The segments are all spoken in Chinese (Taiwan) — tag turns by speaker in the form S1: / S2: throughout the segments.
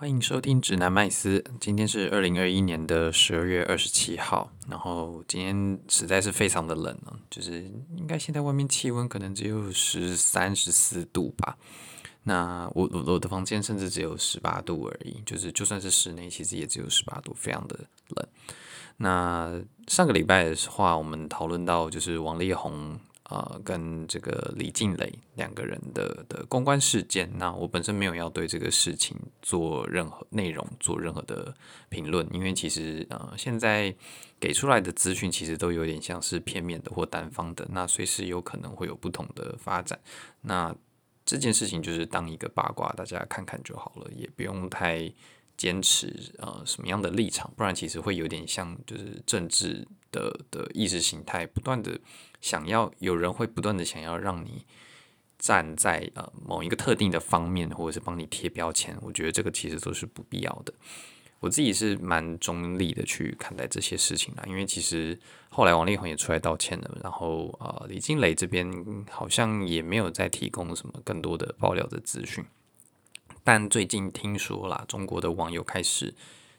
S1: 歡迎收聽指南麥斯，今天是二零二一年的十二月二十七號，然後今天實在是非常的冷哦、啊，就是應該現在外面氣溫可能只有十三、十四度吧，那我我的房間甚至只有十八度而已，就是就算是室內其實也只有十八度，非常的冷。那上個禮拜的話，我們討論到就是王力宏。呃，跟這個李靚蕾兩個人的的公關事件，那我本身沒有要對這個事情做任何內容，做任何的評論，因為其實呃，現在給出來的資訊其實都有點像是片面的或單方的，那隨時有可能會有不同的發展。那這件事情就是當一個八卦，大家看看就好了，也不用太堅持，呃，什麼樣的立場，不然其實會有點像就是政治。的的意識形態不斷的想要，有人會不斷的想要讓你站在呃，某一個特定的方面，或者是幫你貼標籤，我覺得這個其實都是不必要的。我自己是蠻中立的去看待這些事情的，因為其實後來王力宏也出來道歉了，然後呃，李靚蕾這邊好像也沒有再提供什麼更多的爆料的資訊，但最近聽說啦，中國的網友開始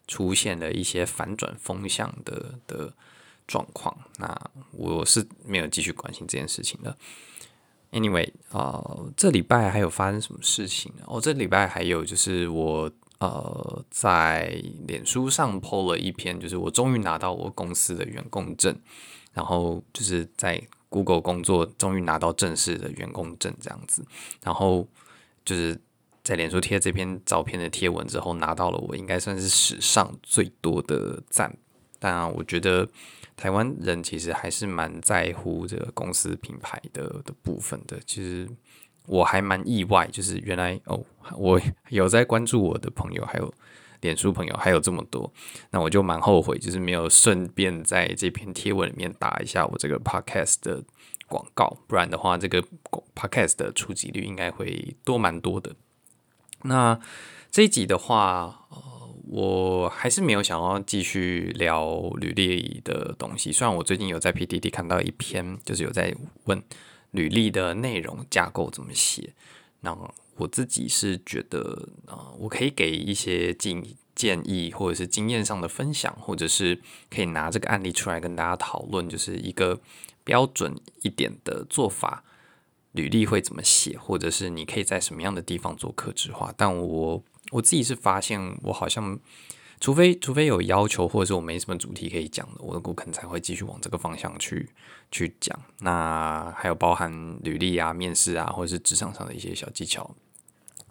S1: 出現了一些反轉風向的的。狀況，那我是沒有繼續關心這件事情的。Anyway，呃，這禮拜還有發生什麼事情？哦，這禮拜還有就是我呃在臉書上 po 了一篇，就是我終於拿到我公司的員工證，然後就是在 Google 工作，終於拿到正式的員工證這樣子。然後就是在臉書貼這篇照片的貼文之後，拿到了我應該算是史上最多的讚。但、啊、我覺得。台灣人其實還是蠻在乎這個公司品牌的的部分的。其實我還蠻意外，就是原來哦，我有在關注我的朋友，還有臉書朋友，還有這麼多，那我就蠻後悔，就是沒有順便在這篇貼文裡面打一下我這個 podcast 的廣告，不然的話，這個 podcast 的觸及率應該會多蠻多的。那這一集的話。我還是沒有想要繼續聊履歷的東西。雖然我最近有在 PTT 看到一篇，就是有在問履歷的內容架構怎麼寫。那我自己是覺得，啊，我可以給一些建建議，或者是經驗上的分享，或者是可以拿這個案例出來跟大家討論，就是一個標準一點的做法，履歷會怎麼寫，或者是你可以在什麼樣的地方做客制化。但我。我自己是發現，我好像除非除非有要求，或者是我沒什麼主題可以講的，我可能才會繼續往這個方向去去講。那還有包含履歷啊、面試啊，或者是職場上的一些小技巧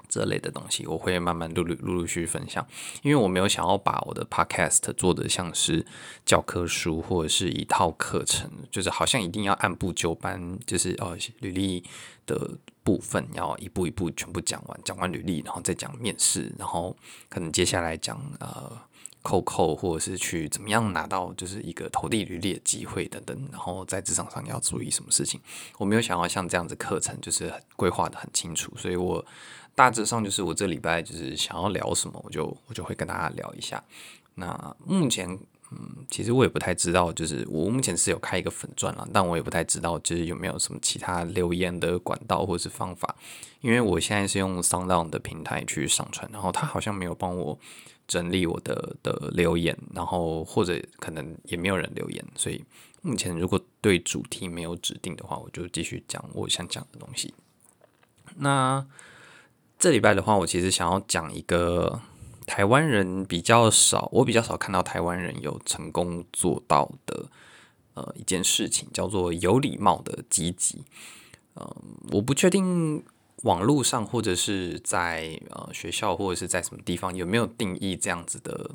S1: 這類的東西，我會慢慢陸陸陸陸續續分享。因為我沒有想要把我的 podcast 做的像是教科書或者是一套課程，就是好像一定要按部就班，就是哦履歷的。部分要一步一步全部講完，講完履歷，然後再講面試，然後可能接下來講呃，扣扣或者是去怎麼樣拿到就是一個投遞履歷的機會等等，然後在職場上要注意什麼事情。我沒有想要像這樣子課程，就是規劃得很清楚，所以我大致上就是我這禮拜就是想要聊什麼，我就我就會跟大家聊一下。那目前。嗯，其實我也不太知道，就是我目前是有開一個粉專了，但我也不太知道，就是有沒有什麼其他留言的管道或是方法，因為我現在是用 SoundOn 的平台去上傳，然後他好像沒有幫我整理我的的留言，然後或者可能也沒有人留言，所以目前如果對主題沒有指定的話，我就繼續講我想講的東西。那這禮拜的話，我其實想要講一個。台灣人比較少，我比較少看到台灣人有成功做到的，呃，一件事情叫做有禮貌的積極。嗯、呃，我不確定網絡上或者是在呃學校或者是在什麼地方有沒有定義這樣子的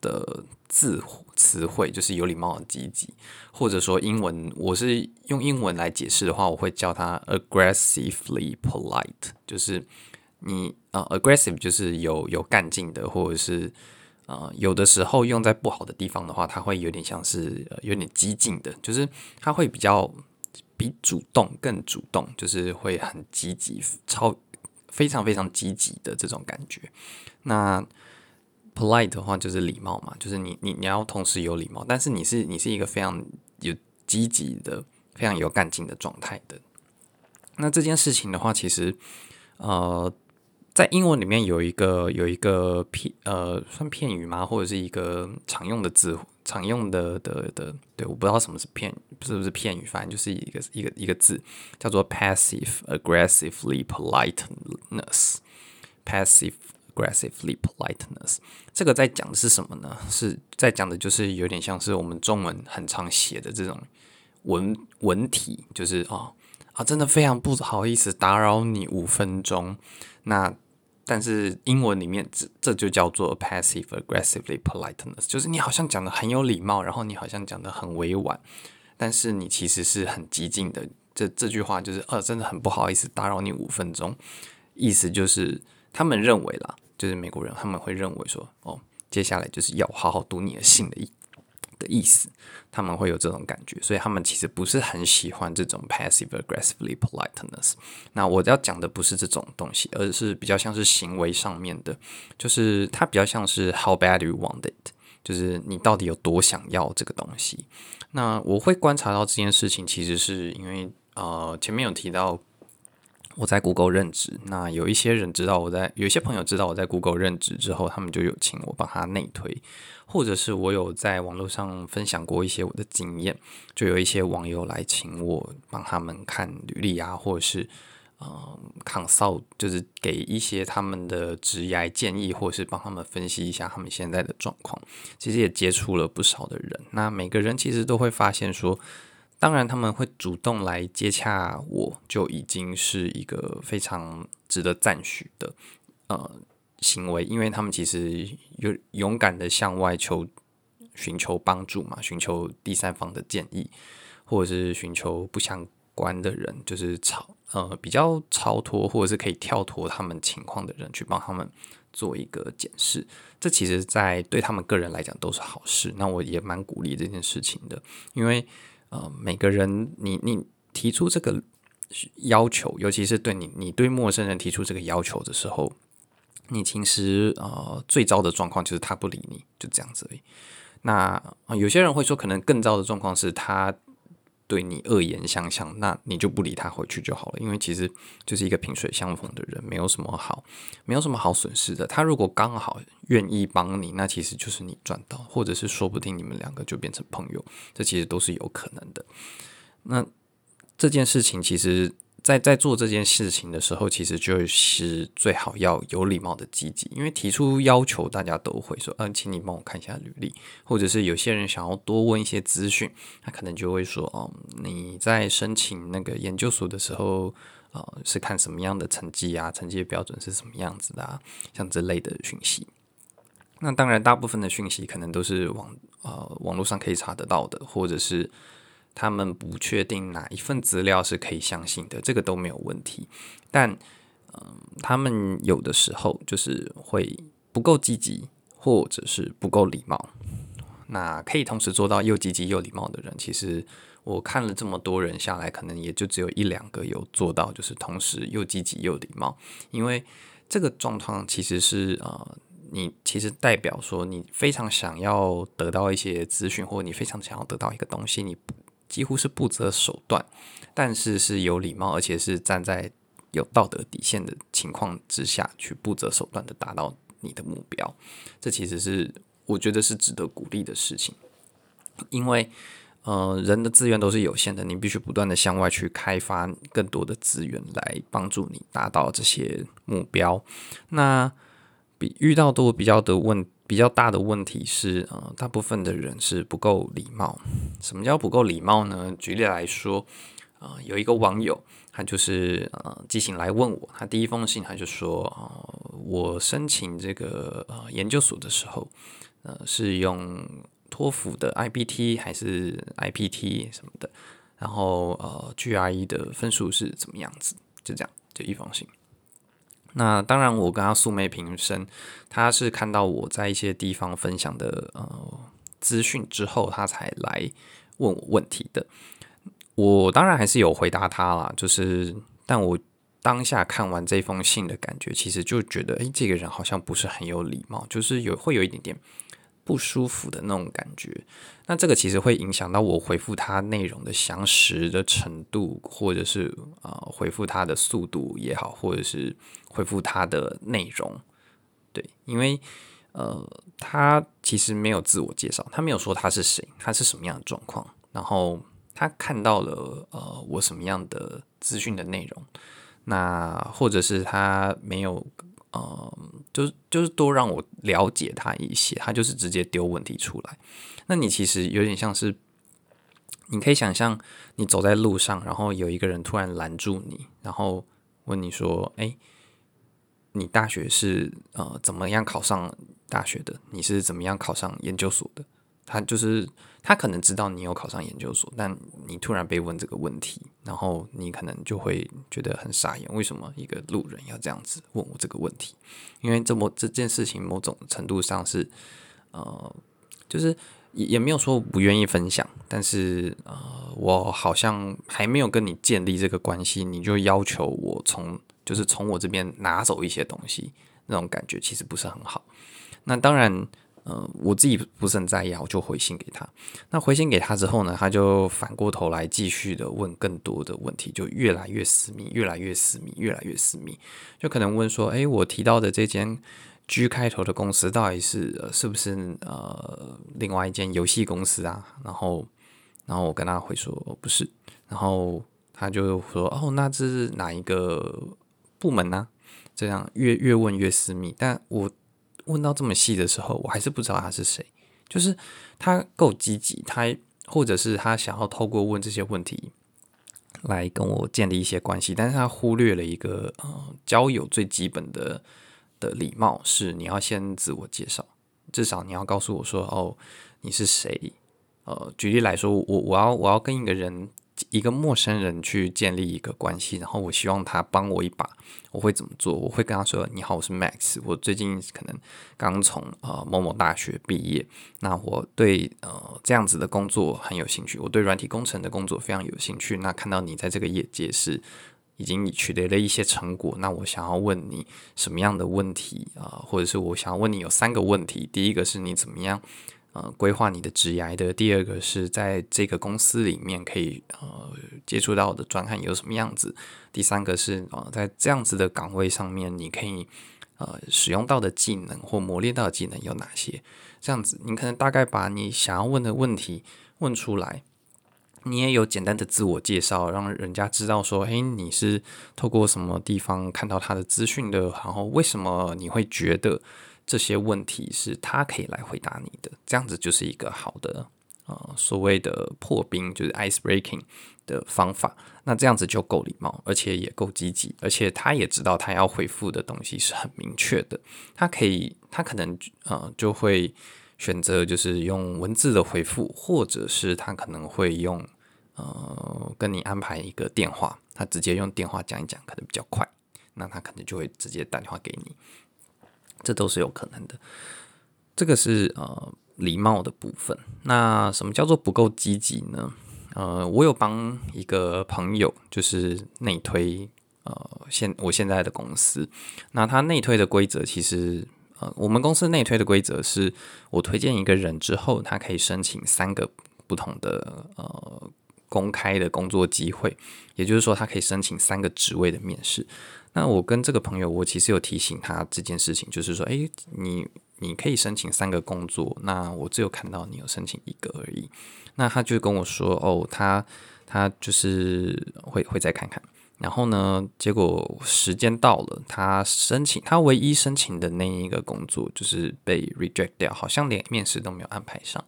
S1: 的字詞彙，就是有禮貌的積極，或者說英文，我是用英文來解釋的話，我會叫它 aggressively polite，就是。你啊，uh，aggressive 就是有有幹勁的，或者是啊，呃，有的時候用在不好的地方的話，它會有點像是，呃，有點激進的，就是它會比較比主動更主動，就是會很積極，超非常非常積極的這種感覺。那 polite 的話就是禮貌嘛，就是你你你要同時有禮貌，但是你是你是一個非常有積極的、非常有幹勁的狀態的。那這件事情的話，其實呃。在英文裡面有一個有一個片呃算片語嗎？或者是一個常用的字常用的的的對，我不知道什麼是片是不是片語，反正就是一個一個一個字叫做 Passive Aggressively Politeness, Passive Aggressively Politeness。這個在講的是什麼呢？是在講的就是有點像是我們中文很常寫的這種文文體，就是哦啊，真的非常不好意思打擾你五分鐘，那。但是英文裡面這這就叫做 passive aggressively polite，就是你好像講的很有禮貌，然後你好像講的很委婉，但是你其實是很激進的。這這句話就是呃、哦，真的很不好意思打擾你五分鐘，意思就是他們認為啦，就是美國人他們會認為說，哦，接下來就是要好好讀你的信的意思。的意思，他們會有這種感覺，所以他們其實不是很喜歡這種 passive aggressively politeness。Ag polit eness, 那我要講的不是這種東西，而是比較像是行為上面的，就是它比較像是 how bad you want it，就是你到底有多想要這個東西。那我會觀察到這件事情，其實是因為呃前面有提到。我在谷歌任職，那有一些人知道我在，有些朋友知道我在谷歌任職之後，他們就有請我幫他內推，或者是我有在網絡上分享過一些我的經驗，就有一些網友來請我幫他們看履歷啊，或者是啊，看、嗯、掃，Consult，就是給一些他們的職業建議，或者是幫他們分析一下他們現在的狀況。其實也接觸了不少的人，那每個人其實都會發現說。當然，他們會主動來接洽我，就已經是一個非常值得讚許的呃行為，因為他們其實有勇敢地向外求尋求幫助嘛，尋求第三方的建議，或者是尋求不相關的人，就是超呃比較超脫或者是可以跳脫他們情況的人去幫他們做一個解釋。這其實，在對他們個人來講都是好事，那我也蠻鼓勵這件事情的，因為。呃，每個人，你你提出這個要求，尤其是對你，你對陌生人提出這個要求的時候，你其實呃最糟的狀況就是他不理你，就這樣子而已。那，呃，有些人會說，可能更糟的狀況是他。對你惡言相向，那你就不理他回去就好了。因為其實就是一個萍水相逢的人，沒有什麼好，沒有什麼好損失的。他如果剛好願意幫你，那其實就是你賺到，或者是說不定你們兩個就變成朋友，這其實都是有可能的。那這件事情其實。在在做這件事情的時候，其實就是最好要有禮貌的積極，因為提出要求，大家都會說，嗯、呃，請你幫我看一下履歷，或者是有些人想要多問一些資訊，他可能就會說，哦、嗯，你在申請那個研究所的時候，呃，是看什麼樣的成績啊？成績的標準是什麼樣子的啊？像這類的訊息，那當然大部分的訊息可能都是網呃網絡上可以查得到的，或者是。他們不確定哪一份資料是可以相信的，這個都沒有問題。但，嗯、呃，他們有的時候就是會不夠積極，或者是不夠禮貌。那可以同時做到又積極又禮貌的人，其實我看了這麼多人下來，可能也就只有一兩個有做到，就是同時又積極又禮貌。因為這個狀況其實是，呃，你其實代表說你非常想要得到一些資訊，或者你非常想要得到一個東西，你不。幾乎是不擇手段，但是是有禮貌，而且是站在有道德底線的情況之下去不擇手段的達到你的目標，這其實是我覺得是值得鼓勵的事情，因為，嗯、呃，人的資源都是有限的，你必須不斷的向外去開發更多的資源來幫助你達到這些目標。那比遇到都比較的問。比較大的問題是，呃，大部分的人是不夠禮貌。什麼叫不夠禮貌呢？舉例來說，呃，有一個網友，他就是呃，寄信來問我，他第一封信他就說，哦、呃，我申請這個呃研究所的時候，呃，是用托福的 I B T 還是 I P T 什麼的，然後呃 G R E 的分數是怎麼樣子？就這樣，就一封信。那當然，我跟他素昧平生，他是看到我在一些地方分享的呃資訊之後，他才來問我問題的。我當然還是有回答他啦，就是，但我當下看完這封信的感覺，其實就覺得，欸，這個人好像不是很有禮貌，就是有會有一點點。不舒服的那種感覺，那這個其實會影響到我回復他內容的詳實的程度，或者是啊、呃、回復他的速度也好，或者是回復他的內容，對，因為呃他其實沒有自我介紹，他沒有說他是誰，他是什麼樣的狀況，然後他看到了呃我什麼樣的資訊的內容，那或者是他沒有。呃，就是就是多讓我了解他一些，他就是直接丟問題出來。那你其實有點像是，你可以想象你走在路上，然後有一個人突然攔住你，然後問你說：“哎，你大學是呃怎麼樣考上大學的？你是怎麼樣考上研究所的？”他就是他可能知道你有考上研究所，但你突然被問這個問題，然後你可能就會覺得很傻眼。為什麼一個路人要這樣子問我這個問題？因為這麼這件事情某種程度上是，呃，就是也也沒有說不願意分享，但是呃，我好像還沒有跟你建立這個關係，你就要求我從就是從我這邊拿走一些東西，那種感覺其實不是很好。那當然。嗯、呃，我自己不是很在意，我就回信給他。那回信給他之後呢，他就反過頭來繼續的問更多的問題，就越來越私密，越來越私密，越來越私密。就可能問說：“誒，我提到的這間 G 開頭的公司到底是、呃、是不是呃另外一間遊戲公司啊？”然後，然後我跟他回說：“不是。”然後他就說：“哦，那這是哪一個部門呢、啊？”這樣越越問越私密，但我。問到這麼細的時候，我還是不知道他是誰。就是他夠積極，他或者是他想要透過問這些問題來跟我建立一些關係，但是他忽略了一個嗯、呃，交友最基本的的禮貌是你要先自我介紹，至少你要告訴我說，哦，你是誰。呃，舉例來說，我我要我要跟一個人。一個陌生人去建立一個關係，然後我希望他幫我一把，我會怎麼做？我會跟他說：“你好，我是 Max，我最近可能剛從呃某某大學畢業，那我對呃這樣子的工作很有興趣，我對軟體工程的工作非常有興趣。那看到你在這個業界是已經取得了一些成果，那我想要問你什麼樣的問題啊、呃？或者是我想要問你有三個問題，第一個是你怎麼樣？”呃，規劃你的職涯的第二個是在這個公司裡面可以呃接觸到的專案有什麼樣子？第三個是啊、呃，在這樣子的崗位上面，你可以呃使用到的技能或磨練到的技能有哪些？這樣子，你可能大概把你想要問的問題問出來，你也有簡單的自我介紹，讓人家知道說，誒，你是透過什麼地方看到他的資訊的？然後為什麼你會覺得？這些問題是他可以來回答你的，這樣子就是一個好的，呃，所謂的破冰就是 ice breaking 的方法。那這樣子就夠禮貌，而且也夠積極，而且他也知道他要回復的東西是很明確的。他可以，他可能，呃，就會選擇就是用文字的回復，或者是他可能會用，呃，跟你安排一個電話，他直接用電話講一講，可能比較快。那他可能就會直接打電話給你。這都是有可能的，這個是呃禮貌的部分。那什麼叫做不夠積極呢？呃，我有幫一個朋友，就是內推，呃，現我現在的公司，那他內推的規則其實，呃，我們公司內推的規則是，我推薦一個人之後，他可以申請三個不同的呃。公開的工作機會，也就是說，他可以申請三個職位的面試。那我跟這個朋友，我其實有提醒他這件事情，就是說，欸，你你可以申請三個工作，那我只有看到你有申請一個而已。那他就跟我說，哦，他他就是會會再看看。然後呢，結果時間到了，他申請他唯一申請的那一個工作就是被 reject 掉，好像連面試都沒有安排上。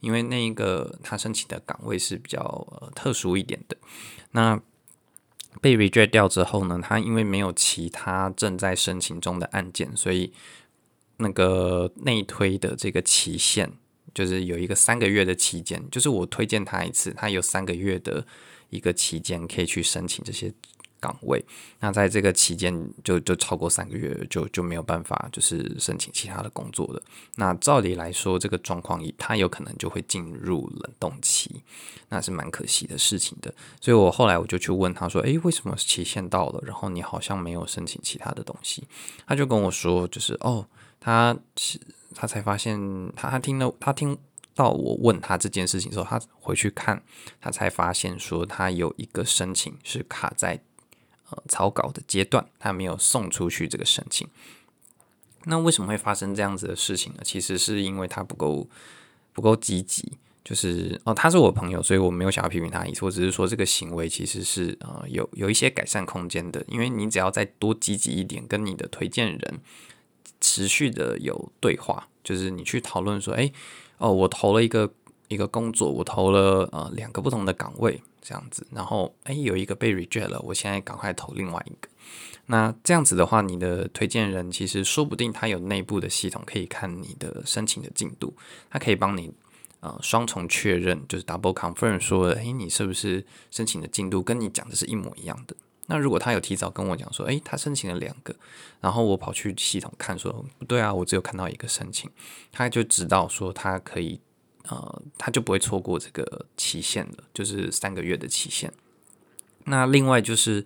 S1: 因為那一個他申請的崗位是比較呃特殊一點的，那被 reject 掉之後呢，他因為沒有其他正在申請中的案件，所以那個內推的這個期限就是有一個三個月的期間，就是我推薦他一次，他有三個月的一個期間可以去申請這些。崗位，那在這個期間就就超過三個月就，就就沒有辦法就是申請其他的工作了。那照理來說，這個狀況他有可能就會進入冷凍期，那是蠻可惜的事情的。所以，我後來我就去問他說：“誒，為什麼是期限到了，然後你好像沒有申請其他的東西？”他就跟我說：“就是哦，他他才發現，他，他聽了他聽到我問他這件事情之後，他回去看，他才發現說他有一個申請是卡在。”草稿的階段，他沒有送出去這個申請。那為什麼會發生這樣子的事情呢？其實是因為他不夠不夠積極。就是哦，他是我朋友，所以我沒有想要批評他意思，我只是說這個行為其實是呃有有一些改善空間的。因為你只要再多積極一點，跟你的推薦人持續的有對話，就是你去討論說，哎哦，我投了一個。一個工作，我投了呃兩個不同的崗位這樣子，然後哎有一個被 reject 了，我現在趕快投另外一個。那這樣子的話，你的推薦人其實說不定他有內部的系統可以看你的申請的進度，他可以幫你呃雙重確認，就是 double confirm 說，哎你是不是申請的進度跟你講的是一模一樣的？那如果他有提早跟我講說，哎他申請了兩個，然後我跑去系統看說不對啊，我只有看到一個申請，他就知道說他可以。呃，他就不會錯過這個期限的，就是三個月的期限。那另外就是，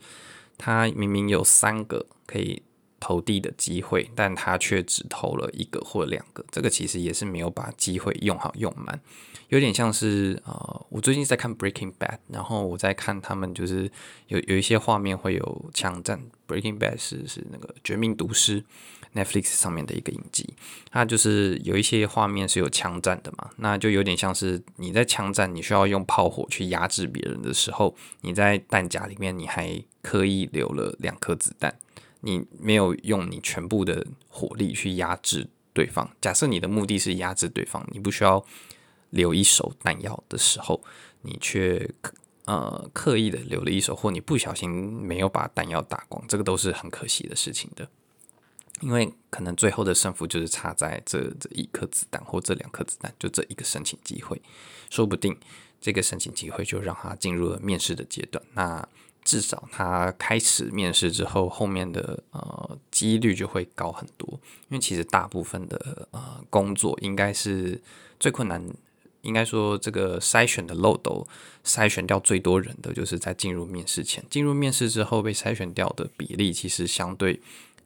S1: 他明明有三個可以投遞的機會，但他卻只投了一個或兩個，這個其實也是沒有把機會用好用滿，有點像是呃，我最近在看《Breaking Bad》，然後我在看他們就是有有一些畫面會有槍戰，《Breaking Bad》是是那個《絕命毒師》。Netflix 上面的一個影集，它就是有一些畫面是有槍戰的嘛，那就有點像是你在槍戰，你需要用炮火去壓制別人的時候，你在彈夾裡面你還刻意留了兩顆子彈，你沒有用你全部的火力去壓制對方。假設你的目的是壓制對方，你不需要留一手彈藥的時候，你卻呃刻意的留了一手，或你不小心沒有把彈藥打光，這個都是很可惜的事情的。因為可能最後的勝負就是差在這這一顆子彈或這兩顆子彈，就這一個申請機會，說不定這個申請機會就讓他進入了面試的階段。那至少他開始面試之後，後面的呃幾率就會高很多。因為其實大部分的呃工作應該是最困難，應該說這個篩選的漏斗篩選掉最多人的，就是在進入面試前，進入面試之後被篩選掉的比例其實相對。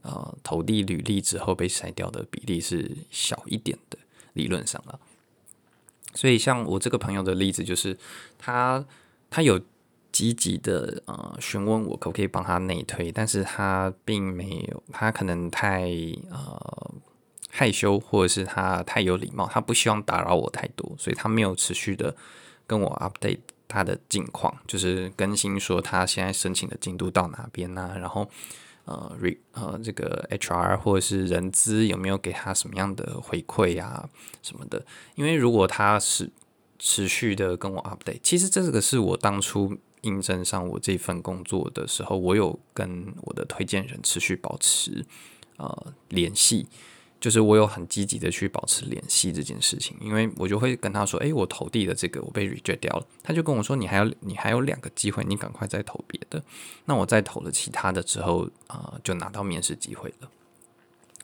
S1: 呃，投遞履歷之後被篩掉的比例是小一點的，理論上啊。所以像我這個朋友的例子，就是他他有積極的呃詢問我可不可以幫他內推，但是他並沒有，他可能太呃害羞，或者是他太有禮貌，他不希望打擾我太多，所以他沒有持續的跟我 update 他的近況，就是更新說他現在申請的進度到哪邊吶，啊，然後。呃，呃這個 HR 或者是人資有沒有給他什麼樣的回饋啊什麼的？因為如果他是持、持續的跟我 update，其實這個是我當初應徵上我這份工作的時候，我有跟我的推薦人持續保持呃聯繫。就是我有很積極的去保持聯繫這件事情，因為我就會跟他說：“哎、欸，我投遞的這個我被 reject 掉了。”他就跟我說：“你還有你還有兩個機會，你趕快再投別的。”那我再投了其他的之後啊、呃，就拿到面試機會了。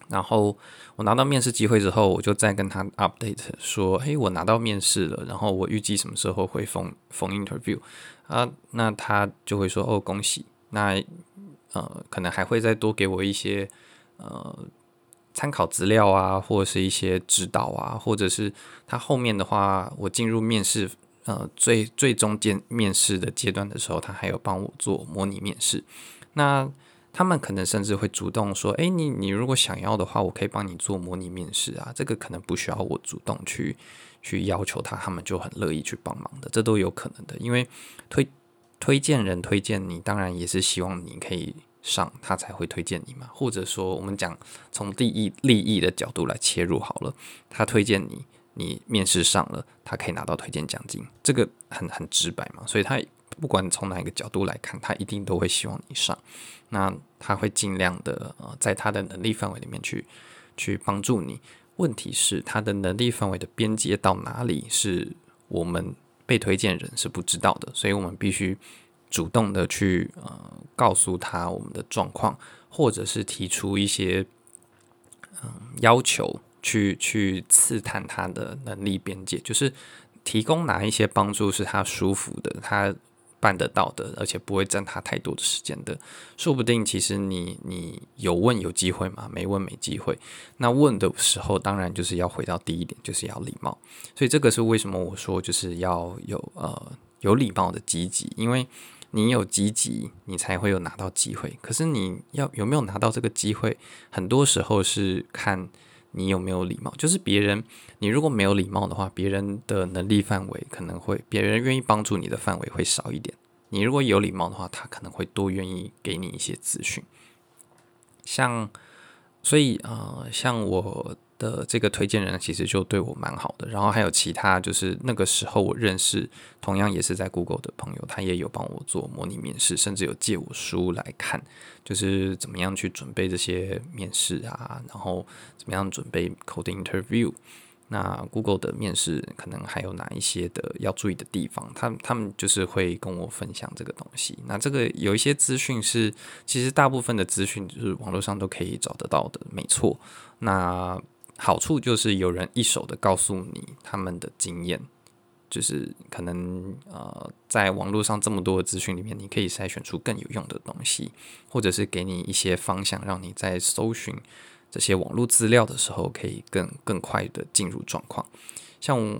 S1: 然後我拿到面試機會之後，我就再跟他 update 說：“哎、欸，我拿到面試了，然後我預計什麼時候會封封 interview 啊？”那他就會說：“哦，恭喜！那呃，可能還會再多給我一些呃。”參考資料啊，或者是一些指導啊，或者是他後面的話，我進入面試，呃，最最終見面試的階段的時候，他還有幫我做模擬面試。那他們可能甚至會主動說：“哎，你你如果想要的話，我可以幫你做模擬面試啊。”這個可能不需要我主動去去要求他，他們就很樂意去幫忙的，這都有可能的。因為推推薦人推薦你，當然也是希望你可以。上他才會推薦你嘛，或者說我們講從利益利益的角度來切入好了，他推薦你，你面試上了，他可以拿到推薦獎金，這個很很直白嘛，所以他不管從哪一個角度來看，他一定都會希望你上，那他會盡量的，呃，在他的能力範圍裡面去去幫助你。問題是他的能力範圍的邊界到哪裡是我們被推薦人是不知道的，所以我們必須。主動的去呃告訴他我們的狀況，或者是提出一些嗯、呃、要求去，去去刺探他的能力邊界，就是提供哪一些幫助是他舒服的，他辦得到的，而且不會佔他太多的時間的。說不定其實你你有問有機會嘛，沒問沒機會。那問的時候當然就是要回到第一點，就是要禮貌。所以這個是為什麼我說就是要有呃有禮貌的積極，因為。你有積極，你才會有拿到機會。可是你要有沒有拿到這個機會，很多時候是看你有沒有禮貌。就是別人，你如果沒有禮貌的話，別人的能力範圍可能會，別人願意幫助你的範圍會少一點。你如果有禮貌的話，他可能會多願意給你一些資訊。像，所以啊，呃，像我。的這個推薦人其實就對我蠻好的，然後還有其他，就是那個時候我認識同樣也是在 Google 的朋友，他也有幫我做模擬面試，甚至有借我書來看，就是怎麼樣去準備這些面試啊，然後怎麼樣準備 coding interview。那 Google 的面試可能還有哪一些的要注意的地方？他他們就是會跟我分享這個東西。那這個有一些資訊是其實大部分的資訊就是網絡上都可以找得到的，沒錯。那好處就是有人一手的告訴你他們的經驗，就是可能呃，在網絡上這麼多的資訊裡面，你可以篩選出更有用的東西，或者是給你一些方向，讓你在搜尋這些網絡資料的時候，可以更更快的進入狀況。像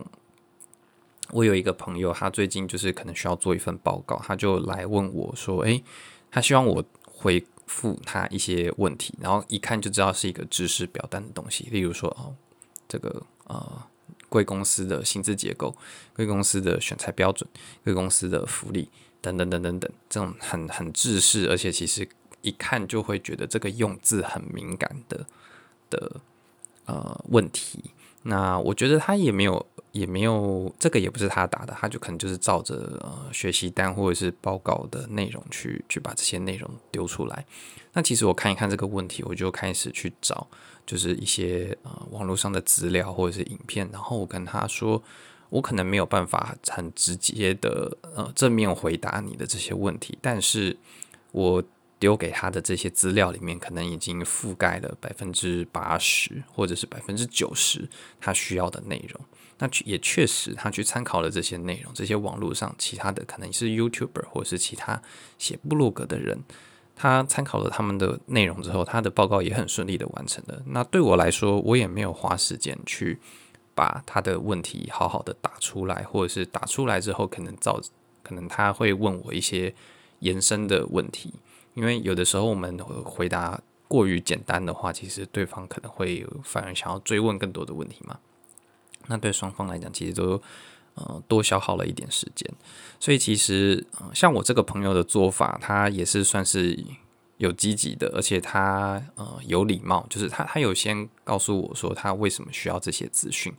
S1: 我有一個朋友，他最近就是可能需要做一份報告，他就來問我說：“誒、欸，他希望我回。”附他一些問題，然後一看就知道是一個制式表單的東西。例如說，哦，這個呃，貴公司的薪資結構、貴公司的選才標準、貴公司的福利等，等等等等等，這種很很制式，而且其實一看就會覺得這個用字很敏感的的呃問題。那我覺得他也沒有，也沒有這個也不是他打的，他就可能就是照着呃學習單或者是報告的內容去去把這些內容丟出來。那其實我看一看這個問題，我就開始去找，就是一些呃網絡上的資料或者是影片，然後我跟他說，我可能沒有辦法很直接的呃正面回答你的這些問題，但是我。留給他的這些資料裡面，可能已經覆蓋了百分之八十，或者是百分之九十他需要的內容。那也確實，他去參考了這些內容，這些網絡上其他的，可能是 YouTuber 或者是其他寫部落格的人，他參考了他們的內容之後，他的報告也很順利的完成了。那對我來說，我也沒有花時間去把他的問題好好的打出來，或者是打出來之後，可能造，可能他會問我一些延伸的問題。因為有的時候我們回答過於簡單的話，其實對方可能會反而想要追問更多的問題嘛。那對雙方來講，其實都呃多消耗了一點時間。所以其實，呃，像我這個朋友的做法，他也是算是有積極的，而且他呃有禮貌，就是他他有先告訴我說他為什麼需要這些資訊，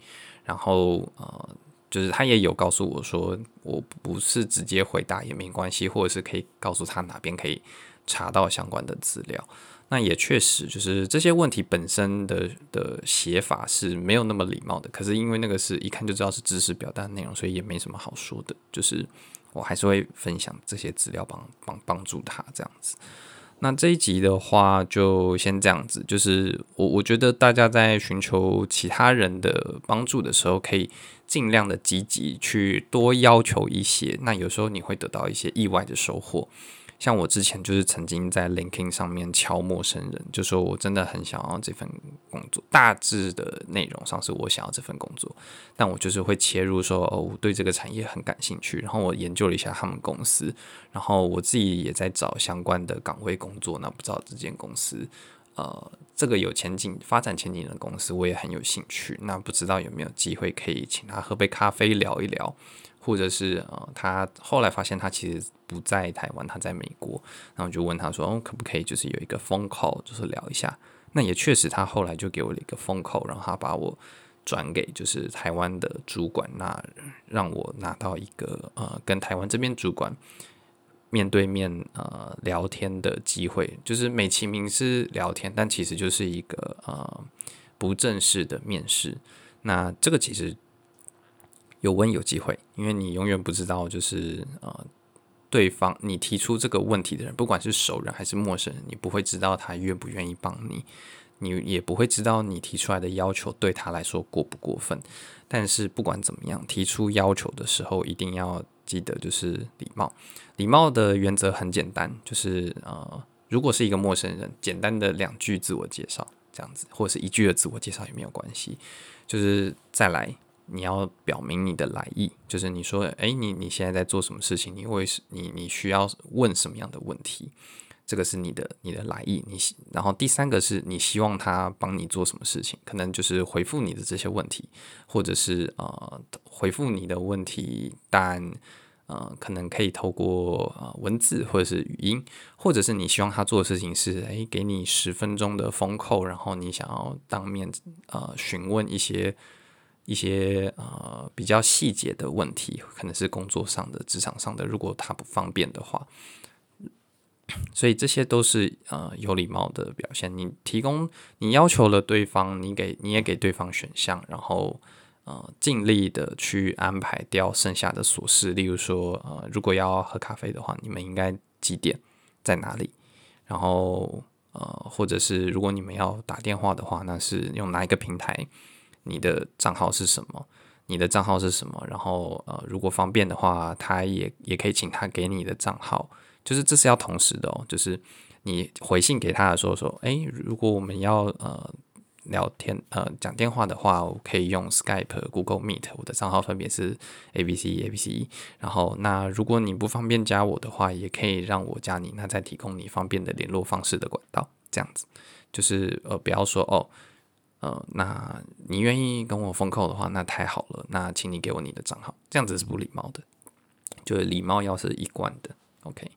S1: 然後呃就是他也有告訴我說我不是直接回答也沒關係，或者是可以告訴他哪邊可以。查到相關的資料，那也確實就是這些問題本身的的寫法是沒有那麼禮貌的。可是因為那個是一看就知道是知識表達的內容，所以也沒什麼好說的。就是我還是會分享這些資料幫幫幫助他這樣子。那這一集的話就先這樣子。就是我我覺得大家在尋求其他人的幫助的時候，可以儘量的積極去多要求一些。那有時候你會得到一些意外的收穫。像我之前就是曾經在 LinkedIn 上面敲陌生人，就說我真的很想要這份工作，大致的內容上是我想要這份工作，但我就是會切入說，哦，我對這個產業很感興趣，然後我研究了一下他們公司，然後我自己也在找相關的崗位工作，那不知道這間公司。呃，這個有前景、發展前景的公司，我也很有興趣。那不知道有沒有機會可以請他喝杯咖啡聊一聊，或者是呃，他後來發現他其實不在台灣，他在美國，然後就問他說，哦，可不可以就是有一個 phone call，就是聊一下？那也確實，他後來就給我了一個 phone call，然後他把我轉給就是台灣的主管，那讓我拿到一個呃，跟台灣這邊主管，面對面呃聊天的機會，就是美其名是聊天，但其實就是一個呃不正式的面試。那這個其實有問有機會，因為你永遠不知道就是呃對方你提出這個問題的人，不管是熟人還是陌生人，你不會知道他願不願意幫你，你也不會知道你提出來的要求對他來說過不過分。但是不管怎麼樣，提出要求的時候一定要。記得就是禮貌，禮貌的原則很簡單，就是呃，如果是一個陌生人，簡單的兩句自我介紹這樣子，或者是一句的自我介紹也沒有關係，就是再來你要表明你的來意，就是你說，誒，你你現在在做什麼事情？你會你你需要問什麼樣的問題？這個是你的你的來意，你然後第三個是你希望他幫你做什麼事情，可能就是回復你的這些問題，或者是呃回復你的問題，但呃可能可以透過、呃、文字或者是語音，或者是你希望他做的事情是誒給你十分鐘的 phone call，然後你想要當面呃詢問一些一些呃比較細節的問題，可能是工作上的職場上的，如果他不方便的話。所以這些都是呃有禮貌的表現。你提供，你要求了對方，你給你也給對方選項，然後呃盡力的去安排掉剩下的瑣事。例如說呃，如果要喝咖啡的話，你們應該幾點在哪裡？然後呃，或者是如果你們要打電話的話，那是用哪一個平台？你的賬號是什麼？你的賬號是什麼？然後呃，如果方便的話，他也也可以請他給你的賬號。就是這是要同時的哦，就是你回信給他的時候說，哎、欸，如果我們要呃聊天呃講電話的話，我可以用 Skype、Google Meet，我的賬號分別是 A B C A B C，然後那如果你不方便加我的話，也可以讓我加你，那再提供你方便的聯絡方式的管道。這樣子就是呃不要說哦，呃那你願意跟我 phone call 的話，那太好了，那請你給我你的賬號，這樣子是不禮貌的，就是禮貌要是一貫的。OK，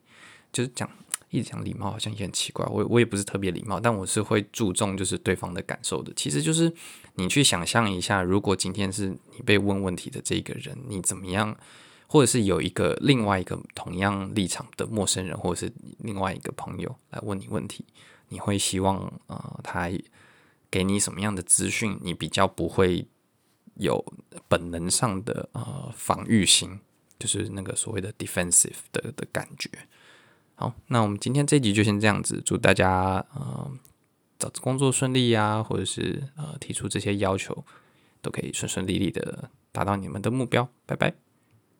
S1: 就是講一直講禮貌，好像也很奇怪。我我也不是特別禮貌，但我是會注重就是對方的感受的。其實就是你去想象一下，如果今天是你被問問題的這一個人，你怎麼樣，或者是有一個另外一個同樣立場的陌生人，或者是另外一個朋友來問你問題，你會希望呃他給你什麼樣的資訊，你比較不會有本能上的呃防禦心。就是那個所謂的 defensive 的的感覺。好，那我們今天這一集就先這樣子。祝大家嗯、呃，找工作順利呀、啊，或者是呃提出這些要求，都可以順順利利的達到你們的目標。拜拜。